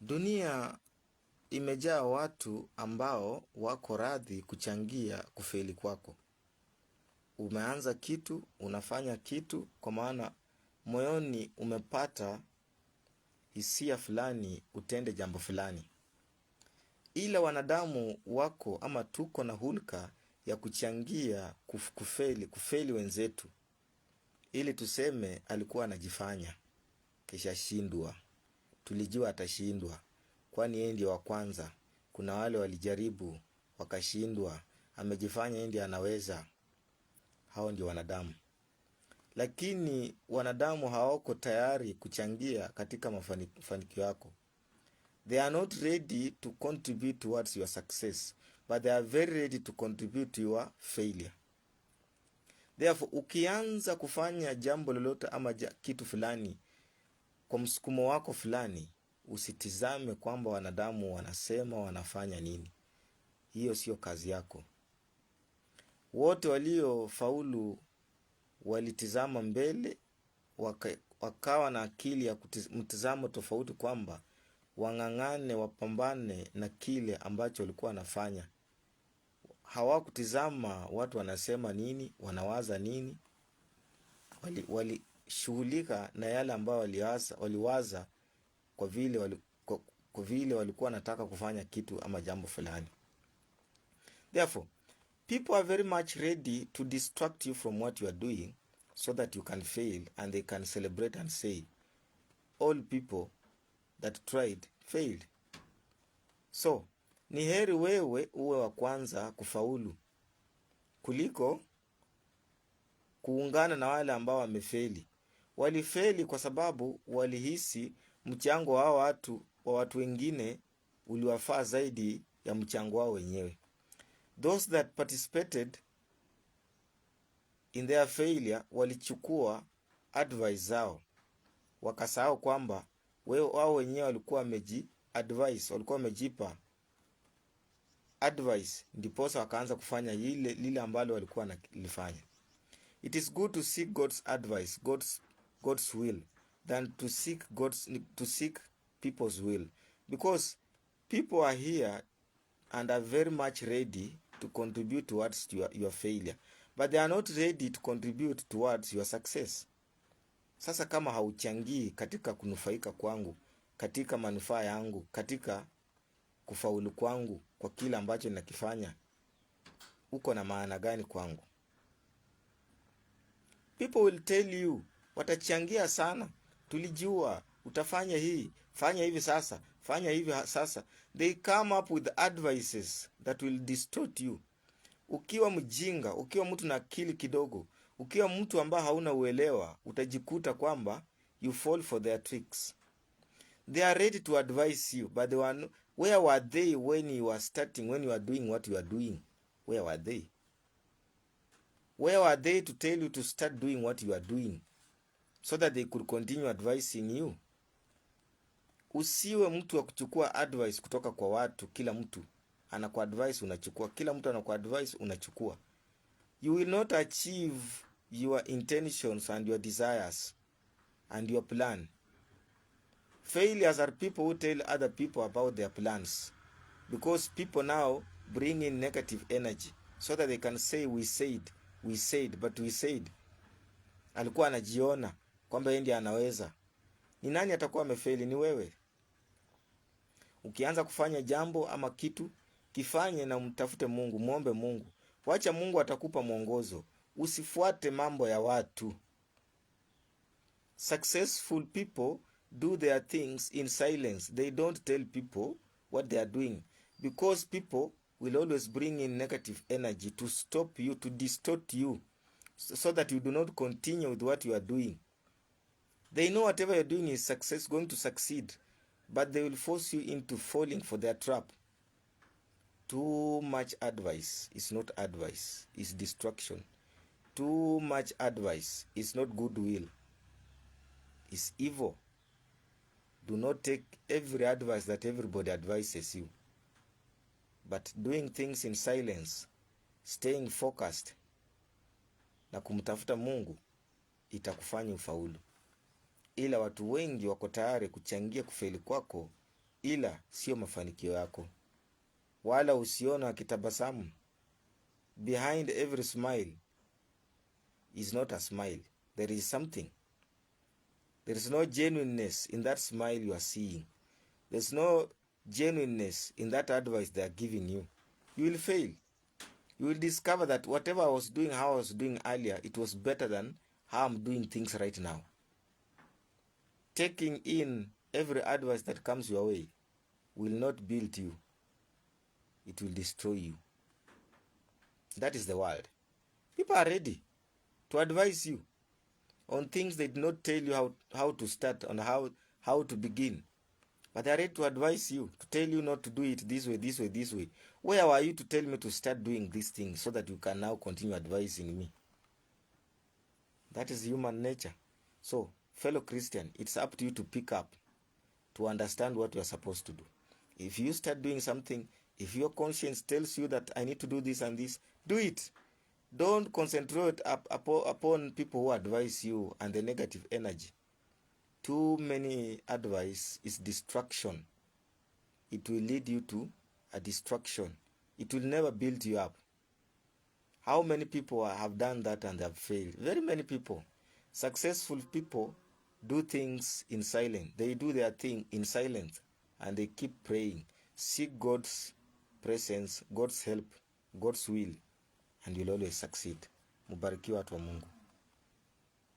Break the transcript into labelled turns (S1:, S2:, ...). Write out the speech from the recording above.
S1: Dunia imejaa watu ambao wako radhi kuchangia kufeli kwako. Umeanza kitu, unafanya kitu, kwa maana moyoni umepata hisia fulani utende jambo fulani, ila wanadamu wako ama tuko na hulka ya kuchangia kufeli, kufeli wenzetu, ili tuseme alikuwa anajifanya kisha shindwa. Tulijua atashindwa, kwani yeye ndiye wa kwanza. Kuna wale walijaribu wakashindwa, amejifanya yeye ndiye anaweza. Hao ndio wanadamu, lakini wanadamu hawako tayari kuchangia katika mafanikio yako. They are not ready to contribute towards your success, but they are very ready to contribute your failure. Therefore, ukianza kufanya jambo lolote ama kitu fulani kwa msukumo wako fulani, usitizame kwamba wanadamu wanasema wanafanya nini. Hiyo sio kazi yako. Wote waliofaulu walitizama mbele, wakawa na akili ya mtizamo tofauti, kwamba wang'ang'ane, wapambane na kile ambacho walikuwa wanafanya. Hawakutizama watu wanasema nini, wanawaza nini, wali, wali shughulika na yale ambayo waliwaza, waliwaza kwa vile wali, kwa, kwa vile walikuwa wanataka kufanya kitu ama jambo fulani. Therefore, people are very much ready to distract you from what you are doing so that you can fail and they can celebrate and say all people that tried failed. So, ni heri wewe uwe wa kwanza kufaulu kuliko kuungana na wale ambao wamefeli. Walifeli kwa sababu walihisi mchango wa watu wa watu wengine uliwafaa zaidi ya mchango wao wenyewe. Those that participated in their failure walichukua advice zao, wakasahau kwamba wao wenyewe walikuwa wameji advice, walikuwa wamejipa advice, ndiposa wakaanza kufanya lile lile ambalo walikuwa wanalifanya. It is good to seek God's advice, God's God's will than to seek God's to seek people's will because people are here and are very much ready to contribute towards your, your failure but they are not ready to contribute towards your success. Sasa kama hauchangii katika kunufaika kwangu, katika manufaa yangu, katika kufaulu kwangu kwa kila ambacho ninakifanya, uko na maana gani kwangu? People will tell you watachangia sana, tulijua utafanya hii, fanya hivi sasa, fanya hivi sasa. They come up with advices that will distort you. Ukiwa mjinga, ukiwa mtu na akili kidogo, ukiwa mtu ambaye hauna uelewa, utajikuta kwamba you fall for their tricks. They are ready to advise you, but they were where were they when you were starting, when you are doing what you are doing? Where were they? Where were they to tell you to start doing what you are doing? so that they could continue advising you. Usiwe mtu wa kuchukua advice kutoka kwa watu. Kila mtu advice, unachukua, kila mtu advice, unachukua. You will not achieve your intentions and your desires and your plan. Failures are people who tell other people about their plans because people now bring in negative energy so that they can say we said, we said, but we said. Alikuwa anajiona kwamba yeye ndiye anaweza, ni nani atakuwa amefeli? Ni wewe. Ukianza kufanya jambo ama kitu, kifanye na mtafute Mungu, muombe Mungu, wacha Mungu atakupa mwongozo. Usifuate mambo ya watu. Successful people do their things in silence, they don't tell people what they are doing because people will always bring in negative energy to stop you, to distort you so that you do not continue with what you are doing. They know whatever you're doing is success, going to succeed, but they will force you into falling for their trap. Too much advice is not advice, is destruction. Too much advice is not goodwill, is evil. Do not take every advice that everybody advises you. But doing things in silence, staying focused na kumtafuta Mungu itakufanya ufaulu ila watu wengi wako tayari kuchangia kufeli kwako, ila sio mafanikio yako, wala usiona akitabasamu. Behind every smile is not a smile, there is something. There is no genuineness in that smile you are seeing. There is no genuineness in that advice they are giving you. You will fail. You will discover that whatever I was doing, how I was doing earlier, it was better than how I'm doing things right now. taking in every advice that comes your way will not build you, it will destroy you. That is the world. People are ready to advise you on things they do not tell you how, how to start, on how, how to begin. But they are ready to advise you, to tell you not to do it this way, this way, this way. Where are you to tell me to start doing these things so that you can now continue advising me? That is human nature. So Fellow Christian, it's up to you to pick up, to understand what you are supposed to do. If you start doing something, if your conscience tells you that I need to do this and this, do it. Don't concentrate up, up, upon people who advise you and the negative energy. Too many advice is destruction. It will lead you to a destruction. It will never build you up. How many people have done that and have failed? Very many people. Successful people do things in silence. They do their thing in silence and they keep praying. Seek God's presence, God's help, God's will, and you'll always succeed. Mubarikiwa watu wa Mungu.